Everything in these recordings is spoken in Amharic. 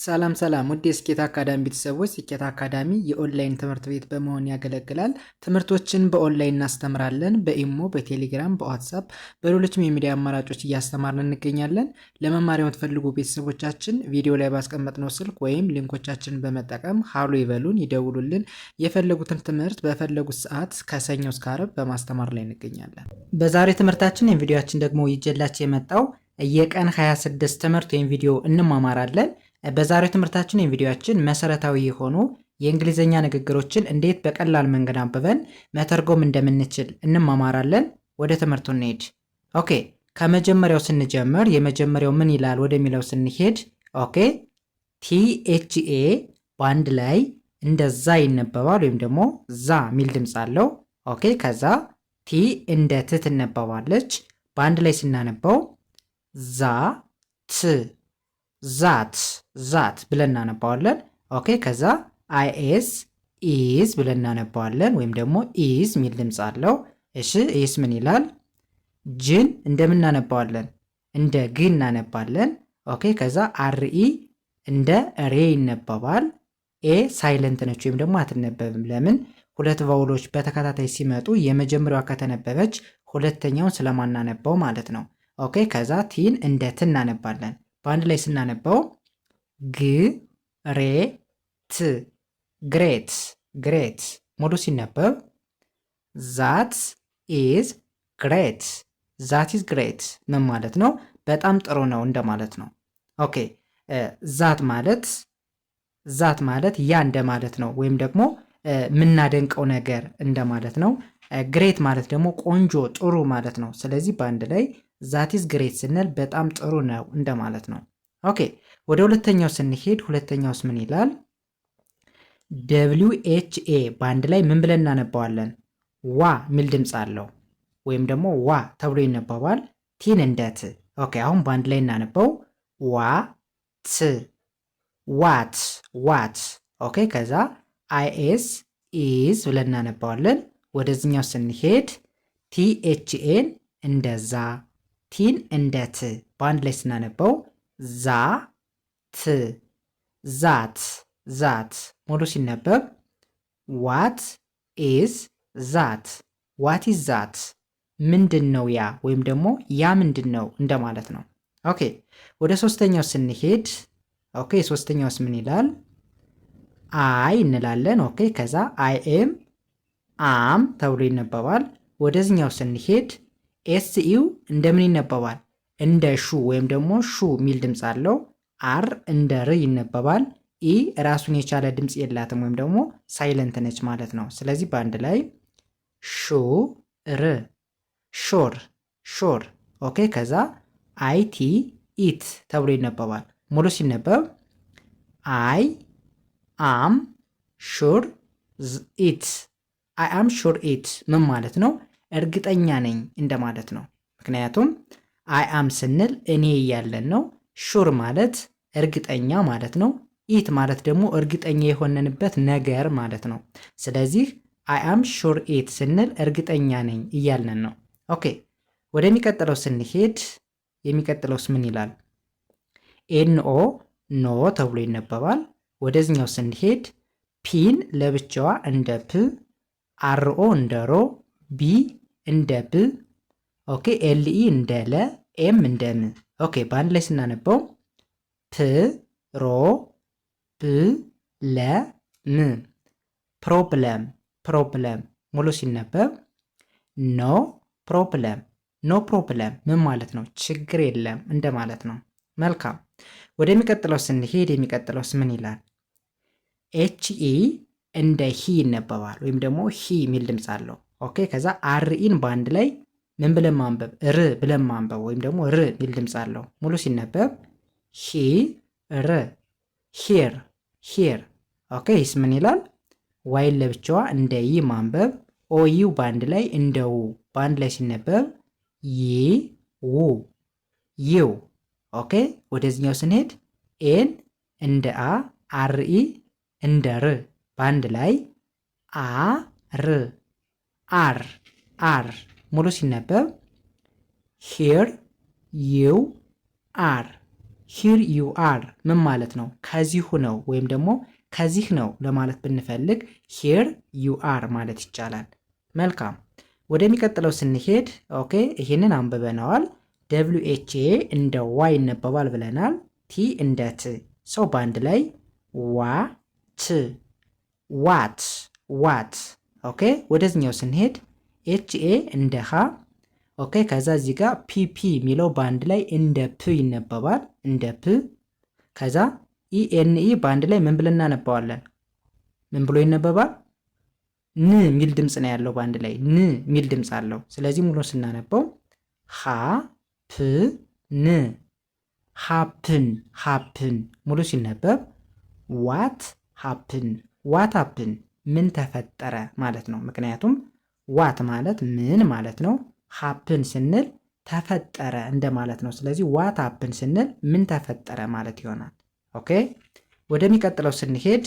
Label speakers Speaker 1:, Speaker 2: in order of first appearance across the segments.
Speaker 1: ሰላም ሰላም ውድ የስኬት አካዳሚ ቤተሰቦች፣ ስኬት አካዳሚ የኦንላይን ትምህርት ቤት በመሆን ያገለግላል። ትምህርቶችን በኦንላይን እናስተምራለን። በኢሞ፣ በቴሌግራም፣ በዋትሳፕ፣ በሌሎችም የሚዲያ አማራጮች እያስተማርን እንገኛለን። ለመማሪያ የምትፈልጉ ቤተሰቦቻችን ቪዲዮ ላይ ባስቀመጥነው ስልክ ወይም ሊንኮቻችን በመጠቀም ሀሎ ይበሉን፣ ይደውሉልን። የፈለጉትን ትምህርት በፈለጉት ሰዓት ከሰኞ እስከ ዓርብ በማስተማር ላይ እንገኛለን። በዛሬ ትምህርታችን የቪዲዮችን ደግሞ ይጀላችሁ የመጣው የቀን 26 ትምህርት ወይም ቪዲዮ እንማማራለን። በዛሬው ትምህርታችን ወይም ቪዲዮአችን መሰረታዊ የሆኑ የእንግሊዝኛ ንግግሮችን እንዴት በቀላል መንገድ አንብበን መተርጎም እንደምንችል እንማማራለን። ወደ ትምህርቱ እንሄድ። ኦኬ፣ ከመጀመሪያው ስንጀምር የመጀመሪያው ምን ይላል ወደሚለው ስንሄድ፣ ኦኬ፣ ቲኤችኤ በአንድ ላይ እንደዛ ይነበባል፣ ወይም ደግሞ ዛ የሚል ድምፅ አለው። ኦኬ፣ ከዛ ቲ እንደ ት ትነበባለች። በአንድ ላይ ስናነበው ዛ ት ዛት ዛት ብለን እናነባዋለን። ኦኬ ከዛ አይኤስ ኢዝ ብለን እናነባዋለን፣ ወይም ደግሞ ኢዝ የሚል ድምፅ አለው። እሺ ኢስ ምን ይላል? ጅን እንደምን እናነባዋለን? እንደ ግ እናነባለን። ኦኬ ከዛ አርኢ እንደ ሬ ይነበባል። ኤ ሳይለንት ነች ወይም ደግሞ አትነበብም። ለምን? ሁለት ቫውሎች በተከታታይ ሲመጡ የመጀመሪያዋ ከተነበበች ሁለተኛውን ስለማናነባው ማለት ነው። ኦኬ ከዛ ቲን እንደ ት እናነባለን። በአንድ ላይ ስናነበው ግ ሬ ት ግሬት ግሬት ሙሉ ሲነበብ ዛት ኢዝ ግሬት ዛት ኢዝ ግሬት ምን ማለት ነው? በጣም ጥሩ ነው እንደማለት ነው። ኦኬ ዛት ማለት ዛት ማለት ያ እንደማለት ነው፣ ወይም ደግሞ የምናደንቀው ነገር እንደማለት ነው። ግሬት ማለት ደግሞ ቆንጆ ጥሩ ማለት ነው። ስለዚህ በአንድ ላይ ዛቲስ ግሬት ስንል በጣም ጥሩ ነው እንደማለት ነው። ኦኬ ወደ ሁለተኛው ስንሄድ ሁለተኛውስ ምን ይላል? ደብሊው ኤች ኤ በአንድ ላይ ምን ብለን እናነባዋለን? ዋ ሚል ድምፅ አለው ወይም ደግሞ ዋ ተብሎ ይነበባል። ቲን እንደት። ኦኬ አሁን በአንድ ላይ እናነበው ዋ ት ዋት ዋት። ኦኬ ከዛ አይኤስ ኢዝ ብለን እናነባዋለን። ወደዚኛው ስንሄድ ቲኤችኤን እንደዛ ቲን እንደ ት በአንድ ላይ ስናነበው ዛ ት ዛት ዛት ሙሉ ሲነበብ ዋት ኢዝ ዛት ዋት ኢዝ ዛት ምንድን ነው ያ ወይም ደግሞ ያ ምንድን ነው እንደማለት ነው። ኦኬ ወደ ሶስተኛው ስንሄድ ኦኬ ሶስተኛውስ ምን ይላል? አይ እንላለን። ኦኬ ከዛ አይ ኤም አም ተብሎ ይነበባል። ወደዚኛው ስንሄድ ኤስኢው እንደምን ይነበባል? እንደ ሹ ወይም ደግሞ ሹ የሚል ድምፅ አለው። አር እንደ ር ይነበባል። ኢ ራሱን የቻለ ድምፅ የላትም ወይም ደግሞ ሳይለንት ነች ማለት ነው። ስለዚህ በአንድ ላይ ሹ ር ሾር ሾር። ኦኬ። ከዛ አይቲ ኢት ተብሎ ይነበባል። ሙሉ ሲነበብ አይ አም ሹር ኢት አይ አም ሹር ኢት ምን ማለት ነው? እርግጠኛ ነኝ እንደማለት ነው። ምክንያቱም አይ አም ስንል እኔ እያለን ነው። ሹር ማለት እርግጠኛ ማለት ነው። ኢት ማለት ደግሞ እርግጠኛ የሆነንበት ነገር ማለት ነው። ስለዚህ አይ አም ሹር ኢት ስንል እርግጠኛ ነኝ እያለን ነው። ኦኬ ወደሚቀጥለው ስንሄድ የሚቀጥለውስ ምን ይላል? ኤንኦ ኖ ተብሎ ይነበባል። ወደዚኛው ስንሄድ ፒን ለብቻዋ እንደ ፕ፣ አርኦ እንደ ሮ፣ ቢ እንደ ብ ኦኬ፣ ኤልኢ እንደ ለ፣ ኤም እንደ ም። ኦኬ፣ በአንድ ላይ ስናነበው ፕ ሮ ብ ለ ም ፕሮብለም፣ ፕሮብለም ሙሉ ሲነበብ ኖ ፕሮብለም፣ ኖ ፕሮብለም ምን ማለት ነው? ችግር የለም እንደማለት ነው። መልካም፣ ወደሚቀጥለው ስንሄድ የሚቀጥለውስ ምን ይላል? ኤች ኢ እንደ ሂ ይነበባል፣ ወይም ደግሞ ሂ የሚል ድምፅ አለው። ኦኬ ከዛ አርኢን በአንድ ላይ ምን ብለን ማንበብ ር ብለን ማንበብ ወይም ደግሞ ር የሚል ድምፅ አለው። ሙሉ ሲነበብ ሂ ር ሂር ሂር። ኦኬ ይስ ምን ይላል? ዋይን ለብቻዋ እንደ ይ ማንበብ ኦዩ በአንድ ላይ እንደ ው በአንድ ላይ ሲነበብ ይ ው ይው። ኦኬ ወደዚኛው ስንሄድ ኤን እንደ አ አርኢ እንደ ር በአንድ ላይ አ ር አር አር ሙሉ ሲነበብ ሂር ዩ አር ሂር ዩ አር ምን ማለት ነው? ከዚሁ ነው ወይም ደግሞ ከዚህ ነው ለማለት ብንፈልግ ሂር ዩ አር ማለት ይቻላል። መልካም ወደሚቀጥለው ስንሄድ ኦኬ፣ ይህንን አንብበነዋል። ደብሊው ኤች ኤ እንደ ዋ ይነበባል ብለናል። ቲ እንደ ት ሰው በአንድ ላይ ዋ ት ዋት ዋት ኦኬ ወደዚኛው ስንሄድ ኤች ኤ እንደ ሃ ኦኬ ከዛ እዚህ ጋር ፒፒ የሚለው በአንድ ላይ እንደ ፕ ይነበባል እንደ ፕ ከዛ ኢኤንኢ በአንድ ላይ ምን ብለን እናነባዋለን ምን ብሎ ይነበባል ን የሚል ድምፅ ነው ያለው በአንድ ላይ ን የሚል ድምፅ አለው ስለዚህ ሙሉ ስናነበው ሃ ፕ ን ሃፕን ሃፕን ሙሉ ሲነበብ ዋት ሃፕን ዋት ሃፕን ምን ተፈጠረ ማለት ነው። ምክንያቱም ዋት ማለት ምን ማለት ነው። ሀፕን ስንል ተፈጠረ እንደማለት ነው። ስለዚህ ዋት ሀፕን ስንል ምን ተፈጠረ ማለት ይሆናል። ኦኬ ወደሚቀጥለው ስንሄድ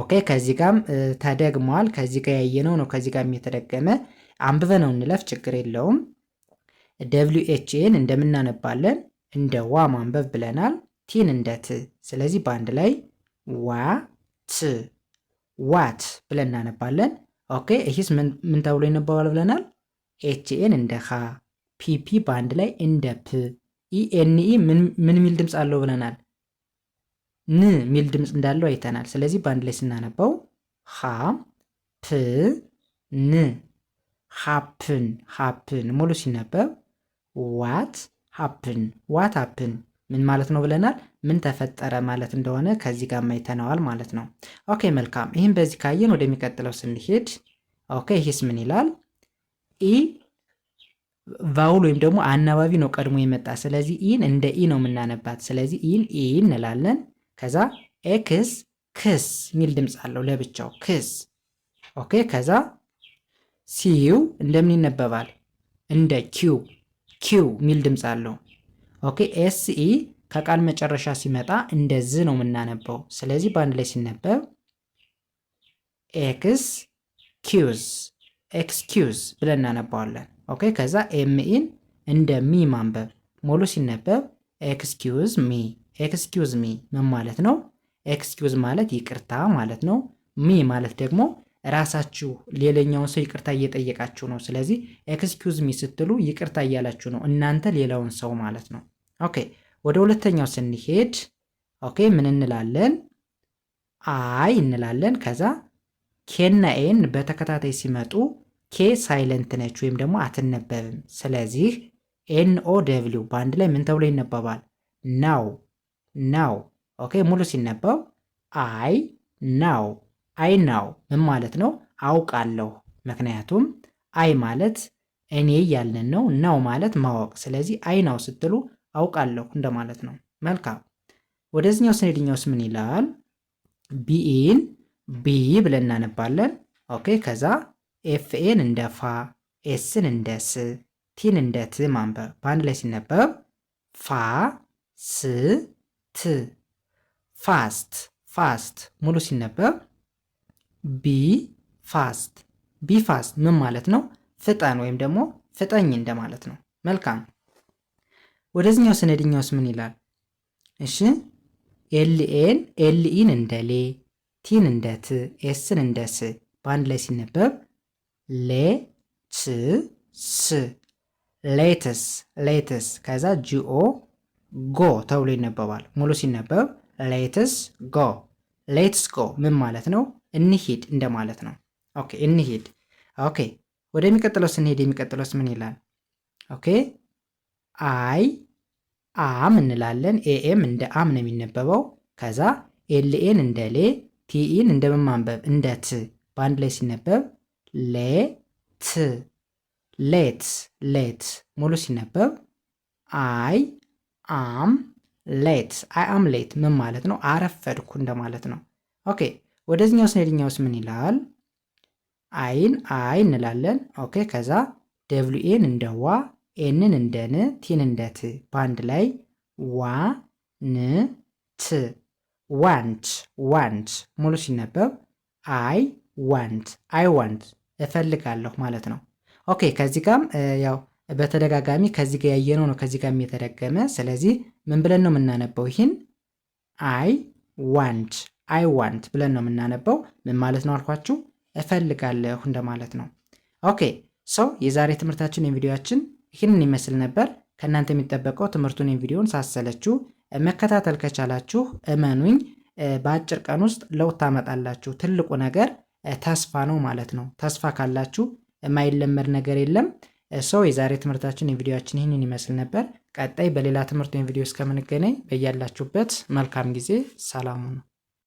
Speaker 1: ኦኬ ከዚህ ጋም ተደግሟል። ከዚህ ጋር ያየነው ነው። ከዚህ ጋም የተደገመ አንብበ ነው እንለፍ፣ ችግር የለውም። ደብሊው ኤች ኤን እንደምናነባለን እንደ ዋ ማንበብ ብለናል። ቲን እንደ ት። ስለዚህ በአንድ ላይ ዋ ት ዋት ብለን እናነባለን። ኦኬ ይህስ ምን ተብሎ ይነበባል ብለናል። ኤችኤን እንደ ሃ ፣ ፒፒ በአንድ ላይ እንደ ፕ፣ ኢኤንኢ ምን ሚል ድምፅ አለው ብለናል። ን ሚል ድምፅ እንዳለው አይተናል። ስለዚህ በአንድ ላይ ስናነባው ሃ ፕ ን ሃፕን ሃፕን ሙሉ ሲነበብ ዋት ሃፕን ዋት ሃፕን ምን ማለት ነው ብለናል? ምን ተፈጠረ ማለት እንደሆነ ከዚህ ጋር ማይተነዋል ማለት ነው። ኦኬ መልካም። ይህም በዚህ ካየን ወደሚቀጥለው ስንሄድ፣ ኦኬ ይህስ ምን ይላል? ኢ ቫውል ወይም ደግሞ አናባቢ ነው ቀድሞ የመጣ ስለዚህ ኢን እንደ ኢ ነው የምናነባት። ስለዚህ ኢን ኢ እንላለን። ከዛ ኤክስ ክስ የሚል ድምፅ አለው ለብቻው ክስ። ኦኬ ከዛ ሲዩ እንደምን ይነበባል? እንደ ኪው ኪው የሚል ድምፅ አለው። ኦኬ ኤስኢ ከቃል መጨረሻ ሲመጣ እንደዚህ ነው የምናነበው። ስለዚህ በአንድ ላይ ሲነበብ ኤክስ ኪዩዝ ኤክስኪዩዝ ብለን እናነባዋለን። ኦኬ ከዛ ኤምኢን እንደ ሚ ማንበብ ሙሉ ሲነበብ ኤክስኪዩዝ ሚ ኤክስኪዩዝ ሚ ምን ማለት ነው? ኤክስኪዩዝ ማለት ይቅርታ ማለት ነው። ሚ ማለት ደግሞ ራሳችሁ ሌላኛውን ሰው ይቅርታ እየጠየቃችሁ ነው። ስለዚህ ኤክስኪውዝ ሚ ስትሉ ይቅርታ እያላችሁ ነው እናንተ ሌላውን ሰው ማለት ነው። ኦኬ ወደ ሁለተኛው ስንሄድ ኦኬ ምን እንላለን? አይ እንላለን። ከዛ ኬና ኤን በተከታታይ ሲመጡ ኬ ሳይለንት ነች ወይም ደግሞ አትነበብም። ስለዚህ ኤን ኦ ደብሊው በአንድ ላይ ምን ተብሎ ይነበባል? ናው ናው። ኦኬ ሙሉ ሲነበብ አይ ናው አይ ናው ምን ማለት ነው? አውቃለሁ። ምክንያቱም አይ ማለት እኔ እያልን ነው፣ ናው ማለት ማወቅ። ስለዚህ አይ ናው ስትሉ አውቃለሁ እንደማለት ነው። መልካም ወደዚኛው ስንሄድኛውስ ምን ይላል? ቢኢን ቢ ብለን እናነባለን። ኦኬ ከዛ ኤፍኤን እንደ ፋ፣ ኤስን እንደ ስ፣ ቲን እንደ ት ማንበብ በአንድ ላይ ሲነበብ ፋ ስ ት ፋስት ፋስት ሙሉ ሲነበብ ቢ ፋስት ቢ ፋስት ምን ማለት ነው? ፍጠን ወይም ደግሞ ፍጠኝ እንደማለት ነው። መልካም ወደዚህኛው ስነድኛውስ ምን ይላል? እሺ ኤልኤን ኤልኢን እንደ ሌ ቲን እንደ ት ኤስን እንደ ስ በአንድ ላይ ሲነበብ ሌ ት ስ ሌትስ ሌትስ ከዛ ጂኦ ጎ ተብሎ ይነበባል። ሙሉ ሲነበብ ሌትስ ጎ ሌትስ ጎ ምን ማለት ነው? እንሂድ እንደማለት ነው። ኦኬ እንሂድ። ኦኬ ወደሚቀጥለው ስንሄድ የሚቀጥለውስ ምን ይላል? ኦኬ አይ አም እንላለን። ኤኤም እንደ አም ነው የሚነበበው። ከዛ ኤልኤን እንደ ሌ፣ ቲኢን እንደ መማንበብ እንደ ት በአንድ ላይ ሲነበብ ሌ ት ሌት ሌት ሙሉ ሲነበብ አይ አም ሌት አይ አም ሌት ምን ማለት ነው? አረፈድኩ እንደማለት ነው። ኦኬ ወደዚህኛው ስንሄድኛውስ ምን ይላል? አይን አይ እንላለን። ኦኬ ከዛ ደብሊኤን ኤን እንደ ዋ፣ ኤንን እንደ ን፣ ቲን እንደ ት በአንድ ላይ ዋ ን ት ዋንት ዋንት ሙሉ ሲነበብ አይ ዋንት አይ ዋንት እፈልጋለሁ ማለት ነው። ኦኬ ከዚህ ጋም ያው በተደጋጋሚ ከዚህ ጋር ያየነው ነው ከዚህ ጋር የተደገመ ስለዚህ ምን ብለን ነው የምናነበው? ይህን አይ ዋንት አይ ዋንት ብለን ነው የምናነበው። ምን ማለት ነው አልኳችሁ? እፈልጋለሁ እንደማለት ነው። ኦኬ ሰው የዛሬ ትምህርታችን የቪዲዮችን ይህንን ይመስል ነበር። ከእናንተ የሚጠበቀው ትምህርቱን የቪዲዮን ሳሰለችሁ መከታተል ከቻላችሁ እመኑኝ፣ በአጭር ቀን ውስጥ ለውጥ ታመጣላችሁ። ትልቁ ነገር ተስፋ ነው ማለት ነው። ተስፋ ካላችሁ የማይለመድ ነገር የለም። ሰው የዛሬ ትምህርታችን የቪዲዮችን ይህንን ይመስል ነበር። ቀጣይ በሌላ ትምህርት ወይም ቪዲዮ እስከምንገናኝ በያላችሁበት መልካም ጊዜ፣ ሰላሙ ነው።